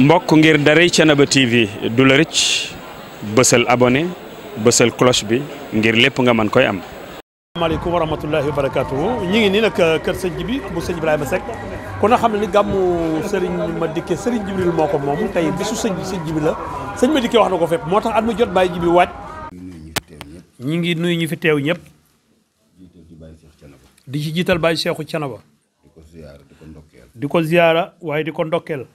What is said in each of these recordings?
mbokk ngir daray Thiénaba TV du la rëcc bësal abonné bësal cloche bi ngir lépp nga mën koy am. asalaamaaleykum wa rahmatullahi wa barakaatu ñu ngi nii nag euh, kër sëñ bi bu sëñ Ibrahima Seck ku a xam ne ni gàmmu sëriñ Madické sëriñ Jibril moo ko moom tey bisu sëñ bi sëñ Jibril la sëñ Madické wax na ko fépp moo tax at mu jot bàyyi ji bi waaj. ñu ngi nuy ñu fi teew ñëpp. di ci jiital bàyyi Seexu Thiénaba. di ko ziyaara waaye di ko ndokkeel.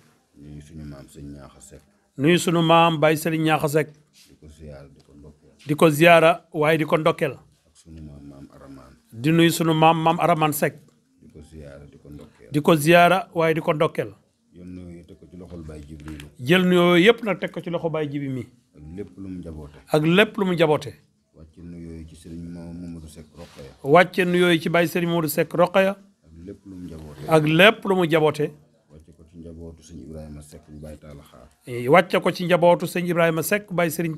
sëñ ñaaxa sekk nuyu sunu maam Baye Sëriñ ñaaxa sekk di ko ziyaara di ko ndokkeel waaye di ko ndokkeel ak di nuyu sunu maam maam aramaan sekk di ko ziyaara di ko ndokkeel waaye di ko ndokkeel jël nuyoo teg ko ci loxol Baye Jibi jël nuyoo yëpp nag teg ko ci loxo Baye Jibi mi ak lépp lu mu jaboote ak lépp lu mu jaboote wàcce nuyoo ci sëriñ Mamadou Seck Roqaya wàcce nuyoo yi ci Baye Sëriñ Mamadou Seck Roqaya ak lépp lu mu jaboote ak lépp lu mu jaboote njabootu sëñ Ibrahima eh, wàcce ko ci njabootu sëñ Ibrahima Seck sekk Serigne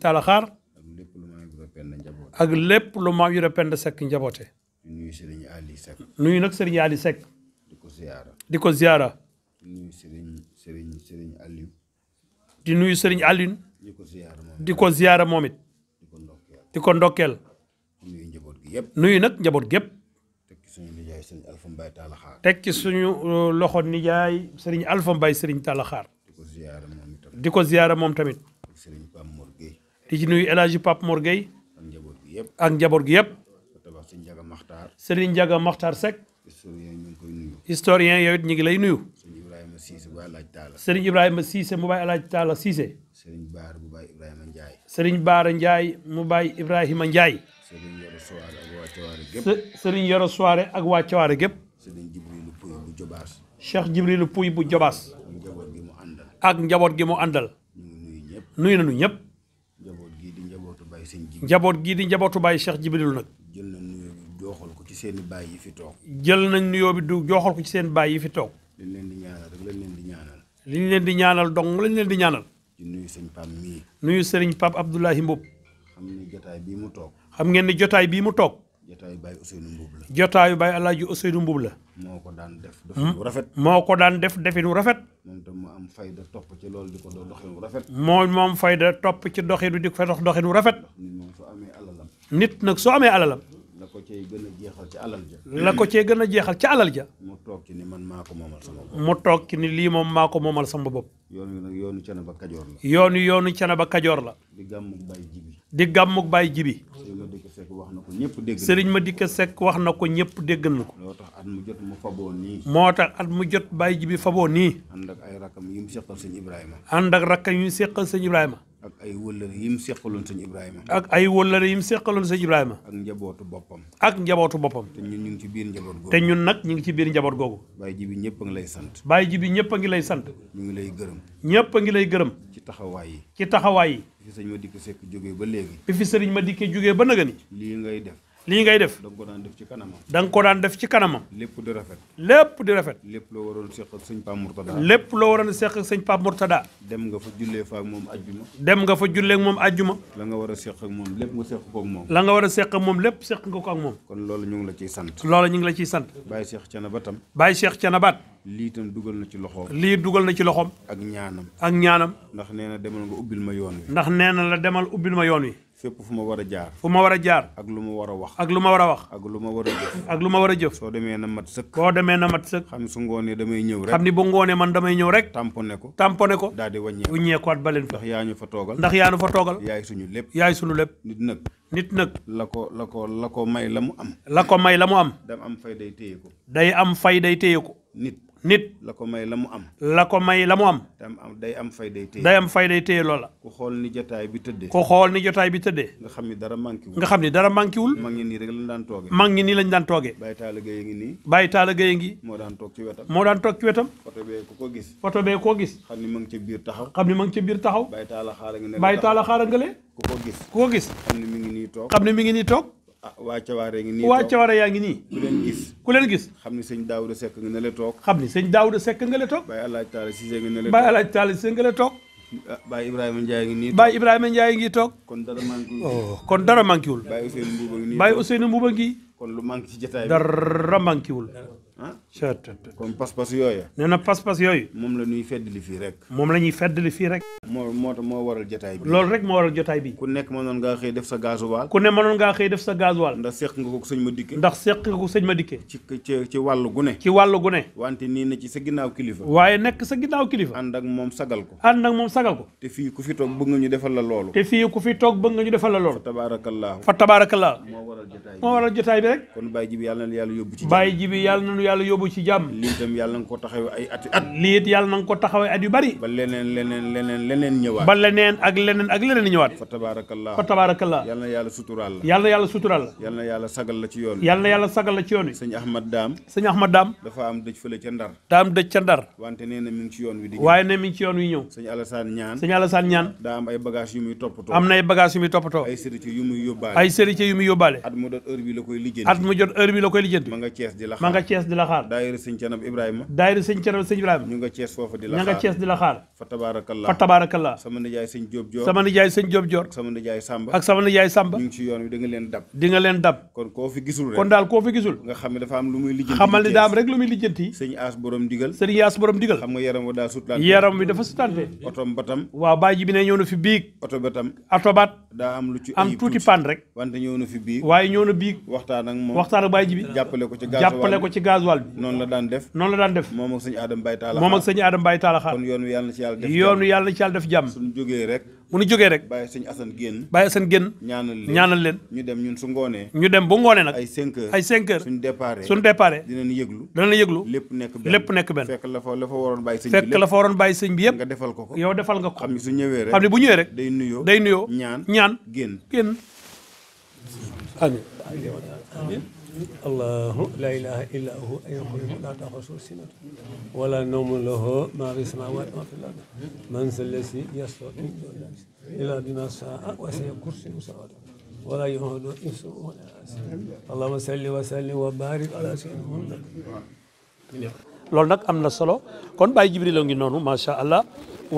sëriñ Xaar. ak lépp lu maam Yoro Penda Seck njaboote. nuyu Serigne Ali nag Serigne Ali Seck. di ko ziara. di ko nuyu Serigne Serigne Serigne Aliou. di nuyu Serigne ko ndokkeel. nuyu yëpp. nuyu nag njaboot gépp sëriñ Alpha teg ci suñu uh, loxo nijaay sëriñ Alpha Mbaye sëriñ Talla di ko ziyaara moom tamit. di sëriñ Pape Mor Gueye. di ci nuyu El Hadj Pape Mor Gueye. ak njaboot gi yëpp. ak njaboot gi yëpp. sëriñ Njaga Maxtaar. sëriñ Njaga Maxtaar Seck. historien ñu ngi koy nuyu. ñu ngi lay nuyu. sëriñ Ibrahima Cissé bu Baay Alaaj Taala. sëriñ mu Baay Alaaj Taala Cissé. sëriñ Baar bu Baay Ibrahima Ndiaye. sëriñ Baara Ndiaye mu Baay Ibrahima Ndiaye. sëriñ Yoro Souaré ak waa Cawaare gépp sëriñ Jibrilu Puy bu Jobaas Cheikh Jibrilu Puy bu Jobaas ak njaboot gi mu àndal nuyu nañu ñëpp njaboot gii di njabootu bàyyi Cheikh Jibrilu nag jël nañ nuyoo bi jooxal ko ci seen bàyyi yi fi toog jël nañ nuyoo bi du jooxal ko ci seen bàyyi yi fi toog liñ leen di ñaanal rek lañ leen di ñaanal liñ leen di ñaanal dong lañ leen di ñaanal nuyu sëriñ Pape mii nuyu sëriñ Pape Abdoulahi Mboup xam ne jotaay bii mu toog xam ngeen ni jotaay bii mu toog. jotaayu Baye Ousseynou Mboub la. jotaayu Baye El Hadj Ousseynou Mboub la. moo ko daan def. Hmm? definu rafet. moo ko daan def definu rafet. moom itam mu am fayda topp ci loolu di ko doxinu rafet. moom moom fayda topp ci doxinu di ko fa dox doxinu rafet. nit nag soo amee alalam. ko cee gën a jeexal ca alal ja. la ko cee gën a jeexal ca alal ja. mu toog ci ni man maa ko moomal sama bopp. mu toog ci ni lii moom maa ko moomal sama bopp. yoon wi nag yoonu Canaba Kajoor la. yoonu yoonu Canaba Kajoor la. di gàmmug Baay Jibi. di gàmmug Baay Jibi. Serigne Madick Seck wax na ko ñëpp dégg na. Serigne wax na ko ñëpp dégg na ko. moo tax at mu jot mu faboo nii. moo tax at mu jot Baay Jibi faboo nii. ànd ak ay rakkam yu mu seqal sëñ Ibrahima. ak ay wëllëre yi mu seqaloon sëñ Ibrahima. ak ay wëllëre yi mu seqaloon sëñ Ibrahima. ak njabootu boppam. ak njabootu boppam. te ñun ñu ngi ci biir njaboot googu. te ñun nag ñu ngi ci biir njaboot googu. bàyyi ji bi ñëpp a ngi lay sant. bàyyi ji bi ñëpp ngi lay sant. ñu ngi lay gërëm. ñëpp a ngi lay gërëm. ci taxawaay yi. ci taxawaay yi. bi fi ma dikkee sekk jógee ba léegi. bi fi sëriñ ma dikkee jógee ba ni lii ngay def. lii ngay def da ko daan def ci kanamam da ko daan def ci kanamam lépp di rafet lépp di lépp loo waroon seq ak sëñ Pape Mourtada lépp loo waroon seq ak sëñ Pape Mourtada dem nga fa jullee fa ak moom ajjuma dem nga fa jullee ak moom ajjuma la nga war a seq ak moom lépp nga seq ko ak moom la nga war a moom lépp seq nga ko ak moom kon loolu ñu ngi la ciy sant loolu ñu ngi la ciy sant Baye seex Thiénaba tam Baye seex Thiénaba lii itam dugal na ci loxoom lii dugal na ci loxoom ak ñaanam ak ñaanam ndax nee na demal nga ubbil ma yoon wi ndax nee na la demal ubbil ma yoon wi fépp fu ma war a jaar fu ma war a jaar ak lu ma war a wax ak lu ma war a wax ak lu ma war a jëf lu ma war a jëf soo demee na mat sëkk soo demee na mat sëkk xam su ngoonee damay ñëw rek xam ni bu ngoonee man damay ñëw rek tamponné ko tamponné ko daal di wàññee wàññeekuwaat baleen ndax yaa ñu fa toogal ndax yaa ñu fa toogal yaay suñu lépp yaay suñu lépp nit nag nit nag la ko la ko la ko may la mu am la ko may la mu am dam am fay day téye ko day am fay day téye ko nit la ko may la mu am. la ko may la mu am. day am fay day téye. day am fay day loola. ku xool ni jotaay bi tëddee. ku xool ni jotaay bi tëddee. nga xam ni dara manqué wul. nga xam ni dara manqué wul. mag ñi nii rek lañ daan toogee. ngi nii. Baye Talla Gueye ngi. moo daan toog ci wetam. moo daan toog ci wetam. photo bee ku ko gis. photo bee koo gis. xam ni ma ngi ci biir taxaw. xam ni ma ngi biir taxaw. Baye Talla xaaral nga ne. Baye Talla xaaral nga le. ku ko gis. ku ko gis. xam ni mi ngi nii toog. xam ni mi ngi nii ah, waa cawaare yaa ngi nii. gis ku leen gis xam ni sëñ Daawuda Sekk nga ne la toog xam ni sëñ Daawuda Sekk nga la toog Baye ne la Baye Alaaji Taala toog ah, Baye Ibrahima Ndiaye ngi nii Baye Ibrahima Ndiaye ngi toog kon dara manquewul oh, kon dara manquewul Baye Ousseynou Mbuuba ngi nii Baye Ousseynou Mbuuba ngi kon lu manqué ci jotaay dara manquewul ah? kon pas-pas yooya. nee na pas-pas yooyu. moom la ñuy feddali fii rek. moom la ñuy feddali fii rek. moo moo moo waral jotaay bi. loolu rek moo waral jotaay bi. ku nekk mënoon ngaa xëy def sa gasoil. ku ne mënoon ngaa xëy def sa gasoil. ndax seq nga ko sëñ ma dikke. ndax seq nga ko sëñ ma dikke. ci ci ci wàllu gune. ci wàllu gune. wante nii na ci sa ginnaaw kilifa. waaye nekk sa ginnaaw kilifa. ànd ak moom sagal ko. ànd ak moom sagal ko. te fii ku fi toog bëgg nga ñu defal la loolu. te fii ku fi toog bëgg nga ñu defal la loolu. fa tabaarakallah. fa tabaarakallah. moo waral jotaay bi rek. kon bàyyi ji bi yàlla na yàlla yóbbu ci. bàyyi ji bi yàlla na yàlla yóbbu yeewu ci jàmm na yàlla la yàlla na yàlla suturaal la yàlla na yàlla sagal la ci yoon yàlla na Ahmad Daam sëñ Ahmad Daam dafa am dëj fële ca Ndar daa dëj ca Ndar wante nee na ci yoon wi di waaye ne mi ci yoon wi ñëw sëñ Alassane Ñaan sëñ Alassane Ñaan daa ay bagage yu muy toppatoo am na ay yu muy toppatoo ay sérité yu yu muy yóbbaale at mu jot heure bi la koy lijjanti mu nga Cees di la xaar daayira sëñ canab ibrahima daayira sëñ canab sëñ ibrahima ñu nga cees foofu di la ña nga cees di la xaar fa tabaarakallaa fa tabaarakallaa sama nijaay sëñ jóob joor sama nijaay sëñ jóob joor sama nijaay sàmba ak sama nijaay sàmba ñu ngi ci yoon wi di nga leen dab di nga leen dab kon koo fi gisul rek kon daal koo fi gisul nga xam ne dafa am lu muy lijjanti xamal ni daa am rek lu muy lijjanti sëñ aas borom digal sëñ aas borom digal xam nga yaram wa daa sutlaante yaram bi dafa sutlaante otom batam waaw bàyyi ji bi ne ñëw na fi biig oto batam atobaat daa am lu ci am tuuti pan rek wante ñëw na fi biig waaye ñëw na biig waxtaan ak moom waxtaan ak bàyyi ji bi jàppale ko ci gasoil bi noonu la daan def noonu la daan def moom ak sëñ Adam Baye Taala moom ak sëñ Adam Baye Taala kon yàlla na ci yàlla def yoon wi yàlla na ci yàlla def jàmm suñu jógee rek bu ñu jógee rek bàyyi sëñ Assane génn ñaanal leen ñu dem ñun su ngoonee ñu dem bu ngoonee nag ay 5 heures ay 5 suñu départ suñu départ dinañ yëglu dinañ yëglu lépp nekk benn lépp nekk benn fekk la fa la fa waroon bàyyi sëñ bi fekk la fa waroon bàyyi nga defal ko ko yow defal nga ko xam ne su ñëwee rek xam ne bu ñëwee rek day nuyoo day ñaan ñaan génn génn allahu laa ilaha illa hu yuxlifu laa taxusu sinatu wala nawmu lahu ma fi samawati ma fi lard man sa yasto min doon ila bima saa wa saya kursiyu sawata wala yuhudu insu wala asi salli wa sallim wa barik ala sayyidina muhammad loolu nag am na solo kon Baye Jibril a ngi noonu macha allah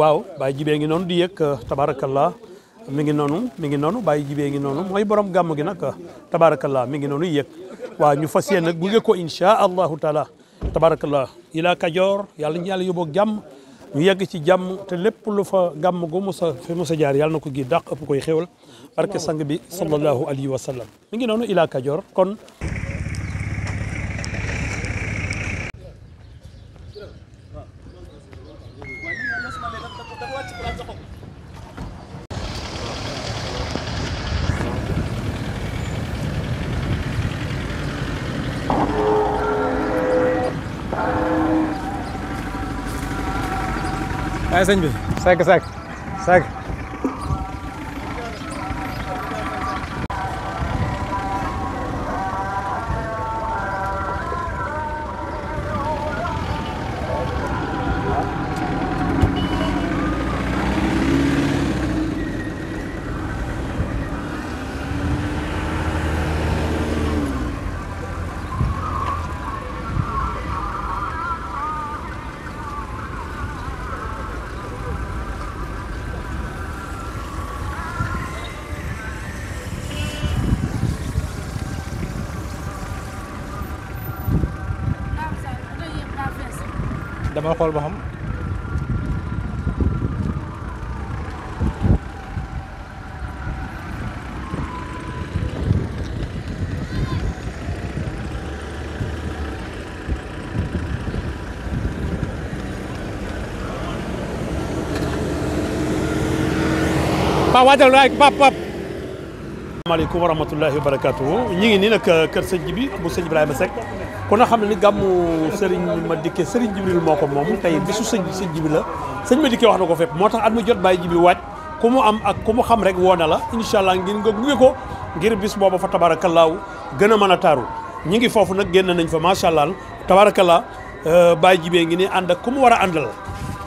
waaw Baye Jibee ngi noonu di yëg tabarakallah mi ngi noonu mi ngi noonu Baye Jibee ngi noonu mooy gàmm gi nag tabarakallah mi ngi noonu waaw ñu fas yéene nag bu ngeen ko incha allahu taala tabarakallah ila kajoor yàlla ñu yàlla yóbboog jàmm ñu yegg ci jàmm te lépp lu fa gàmm gu musa fi jaar yàlla na ko gii dàq ëpp koy xéwal barke sang bi sallallahu alayhi wa sallam mi ngi noonu ila kajoor kon ay sëñ bi sekk sekk sekk dama xool ba xam Pa waajal rek pap pap asalaamaaleykum wa rahmatullahi wa barakaatu. ñi ngi nii nag euh, kër sëñ ji bi bu sëñ Ibrahima Seck ku ne xam ne ni gàmmu Serigne Madické Serigne Jibril moo ko moom tey bisu sëñ sëñ Jibril la sëñ Madické wax na ko fépp moo tax at mu jot bàyyi jibi waaj ku mu am ak ku mu xam rek woo na la incha allah ngir nga gunge ko ngir bis booba fa tabaarakallaahu gën a mën a taaru ñi ngi foofu nag génn nañ fa macha allah tabaarakallaa euh, bàyyi jibee ngi ni ànd ak ku mu war a àndal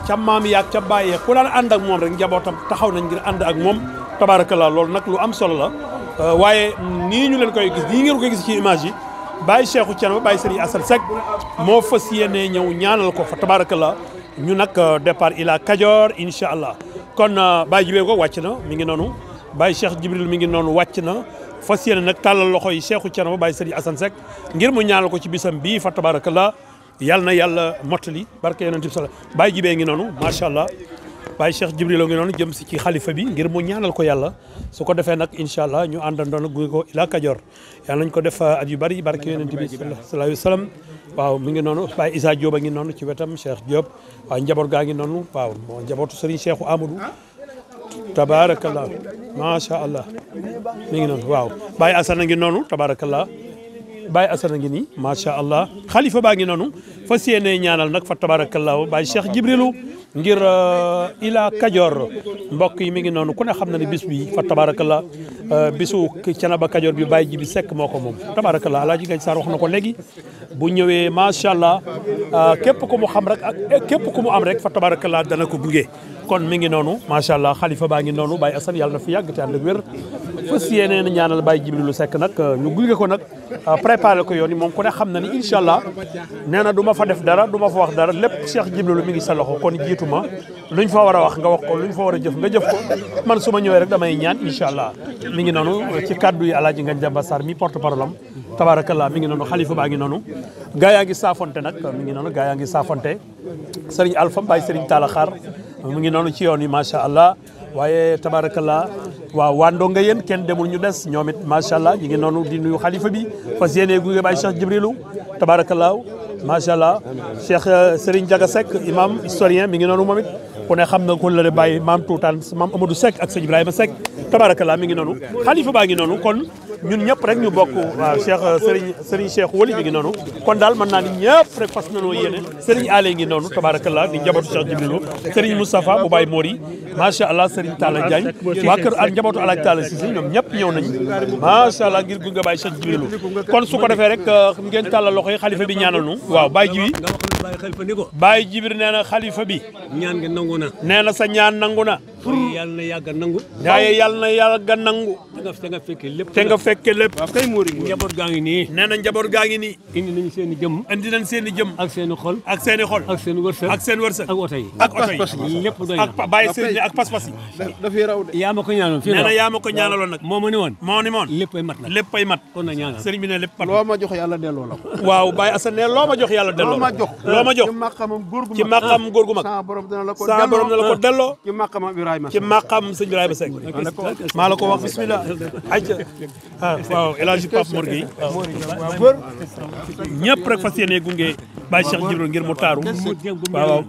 ca maam yaag ca bàyyi ku daan ànd ak moom rek njabootam taxaw nañ ngir ànd ak moom tabaarakallaa loolu nag lu am solo la Euh, waaye nii ñu leen koy gis nii ngeen koy gis ci image yi bàyyi Cheikhou Thiénaba bàyyi Serigne Assane Seck moo fas yéene ñëw ñaanal ko fa la ñu nag euh, départ ila Kajoor incha allah kon bàyyi jibee ko wàcc na mi ngi noonu bàyyi Cheikh Jibril mi ngi noonu wàcc na fas yéene na tàllal loxo yi Cheikhou Thiénaba bàyyi Serigne Assane Seck ngir mu ñaanal ko ci bisam bii fa la yàlla na yàlla mottali barke yonent bi sala bàyyi jibee ngi noonu macha allah waaye Cheikh Jibril a ngi noonu jëm si ci xalifa bi ngir mu ñaanal ko yàlla su ko defee nag incha allah ñu àndandoon gunge ko ila Kajoor yàlla nañ ko def uh, at yu bari barke yonent bi sallallahu alayhi wa sallam waaw mi ngi noonu Baye Issa Diop a ngi noonu ci wetam Cheikh Diop waaw njaboot gaa ngi noonu waaw moo njabootu Serigne Cheikhou Amadou tabaarakallah macha allah mi ngi noonu waaw Baye Assane a ngi noonu tabaarakallah Baye Assane a ngi nii macha allah xalifa baa ngi noonu fas yéene ñaanal nag fa tabaarakallaahu Baye Cheikh Jibrilu ngir euh, Ila Kajoor mbokk yi mi ngi noonu ku ne xam na ne bis bi fa tabaarakallaa euh, bisu Canaba Kajoor bi Baye Jibi Seck moo ko moom tabaarakallaa Alaaji Gaye Sarr wax na ko léegi bu ñëwee macha allah euh, képp ku mu xam rek ak képp ku mu am rek fa tabaarakallaa dana ko gunge. kon mi ngi noonu macha allah xalifa baa ngi noonu Baye Assane yàlla na fi yàgg te ànd ak wér fas yéeneen ñaanal Baye Jibrilu Seck nag ñu gunge ko nag euh, préparé ko yoon yi moom ku ne xam na ni incha allah nee na du ma fa def dara du ma fa wax dara lépp Cheikh Jibrilu mi ngi sa loxo kon jiitu ma luñ fa war a wax nga wax ko luñ fa war a jëf nga jëf man su ma ñëwee rek damay ñaan incha allah mi ngi noonu ci kaddu yi Alaaji Ngagne Demba Sarr mi porte parole am tabarakallah mi ngi noonu xalifa baa ngi noonu gaa yaa ngi saafonte nag mi ngi noonu gaa yaa ngi saafonte Serigne Alpha Baye Serigne Talla Xaar mu ngi noonu ci yoon yi macha allah waaye tabarakallah waaw waa ndonga yéen kenn demul ñu des ñoom it macha allah ñu ngi noonu di nuyu xalifa bi fas yéene gunge Baye Cheikh Jibrilu tabarakallah macha allah Cheikh euh, Serigne Diaga Seck imam historien mi ngi noonu moom it ku ne xam na ko la Baye maam Tuutaan maam Amadou Seck ak sëñ Ibrahima Seck tabarakallah mi ngi noonu xalifa baa ngi noonu kon. ñun ñëpp rek ñu bokk waaw Cheikh Serigne Serigne Cheikh Wali mi noonu kon daal mën naa ni ñëpp rek fas nanoo yéene Serigne Allé ngi noonu tabarakallah di njabootu Cheikh Jibril Serigne Moustapha bu Baye Mori macha allah Serigne Talla Diagne waa kër ak njabootu Alaaji Talla Cissé ñoom ñëpp ñëw nañ macha allah ngir gunge Baye Cheikh Jibril kon su ko defee rek ngeen tàllal loxo yi xalifa bi ñaanal nu waaw Baye Jibi Baye Jibril nee na xalifa bi ñaan nga nangu na nee na sa ñaan nango na pour yàlla na yàgg a nangu. waaye yàlla na yàgg a nangu. te nga fekke lépp te nga fekke lépp. waaw kay Mori Mori njaboot gaa ngi nii. nee na njaboot gaa ngi nii. indi nañ seen i jëm. indi nañ seen i jëm. ak seen i xol. ak seen i xol. ak seen wërsëg. ak seen wërsëg. ak oto yi ak oto yi lépp doy na ak bàyyi sëriñ ak pas-pas yi. dafay raw de. yaa ma ko ñaanaloon fii nee na yaa ma ko ñaanaloon nag. moo ma ni woon moo ni woon. léppay mat nag léppay mat. kon na ñaanal sëriñ bi ne lépp. loo ma jox yàlla delloo la ko. waaw Baye Assane ne loo ma jox yàlla delloo. loo ma jox loo ma jox ci maqamam góor gu mag. sama borom dana la ko delloo Ibrahima ci maqam sëñ Ibrahima Seck ah, maa la ko wax bismillah ayca ah waaw El Hadj Pape ah. mu taaru waaw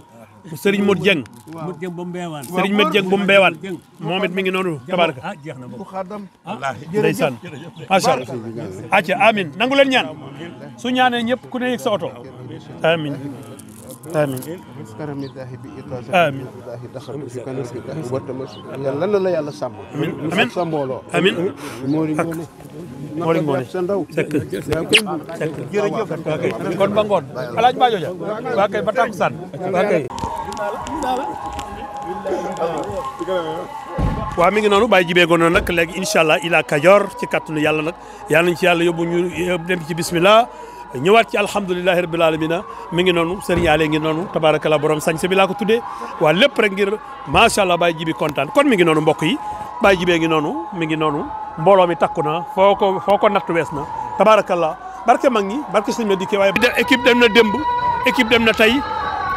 amin nangu leen ñaan su ñaanee ñëpp ku ne yëg oto amin آمين كرم الله بإطاعته آمين الله دخل في كنز الله وتمس يلا لا يلا سامو آمين سامولو آمين موري موني موري موني سندو سك سك جيرجيف كون بانغون الاج باجو جا واكاي باتام سان واكاي waaw mi ngi noonu bàyyi jibeegoo noonu nag léegi incha allah ilaa Kajoor ci kàttanu yàlla nag yàlla nañ ci yàlla yóbbu ñu dem ci bismillah ñëwaat ci alhamdulilahi rabil alamina mi ngi noonu sëriñ Allé ngi noonu tabaarakala borom sañse bi laa ko tuddee waa lépp rek ngir macha allah Baye Jibi kontaan kon mi ngi noonu mbokk yi Baye Jibee ngi noonu mi ngi noonu mbooloo mi takku na foo ko foo ko natt wees na tabaarakala barke mag ñi barke sëñ ma dikkee waaye. équipe dem na démb équipe dem na tey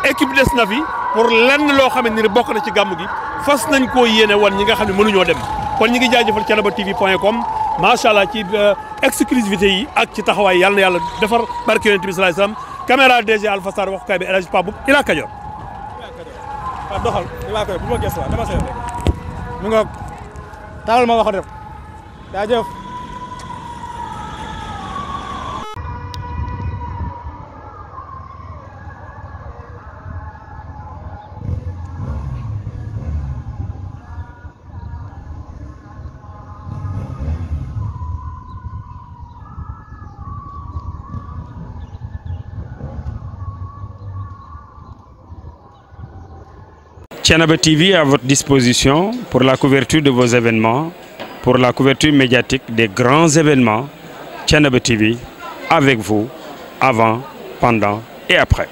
équipe des na fi pour lenn loo xam ne ni bokk na ci gàmm gi fas nañ koo yéene wal ñi ga xam ne ñoo dem kon ñi ngi jaajëfal Thiénaba TV point com macha allah ci euh, exclusivité yi ak ci taxawaay yàlla na yàlla defar barke yonent bi salaay salaam caméra DG Alpha Sarr waxukaay bi El Hadj Pape Ila Kajoor. waaw doxal Ila Kajoor bu ma gëstu waat dama seet rek. mu nga taawal ma wax rek jaajëf. Thiénaba TV à votre disposition pour la couverture de vos événements, pour la couverture médiatique des grands événements. Thiénaba TV avec vous, avant, pendant et après.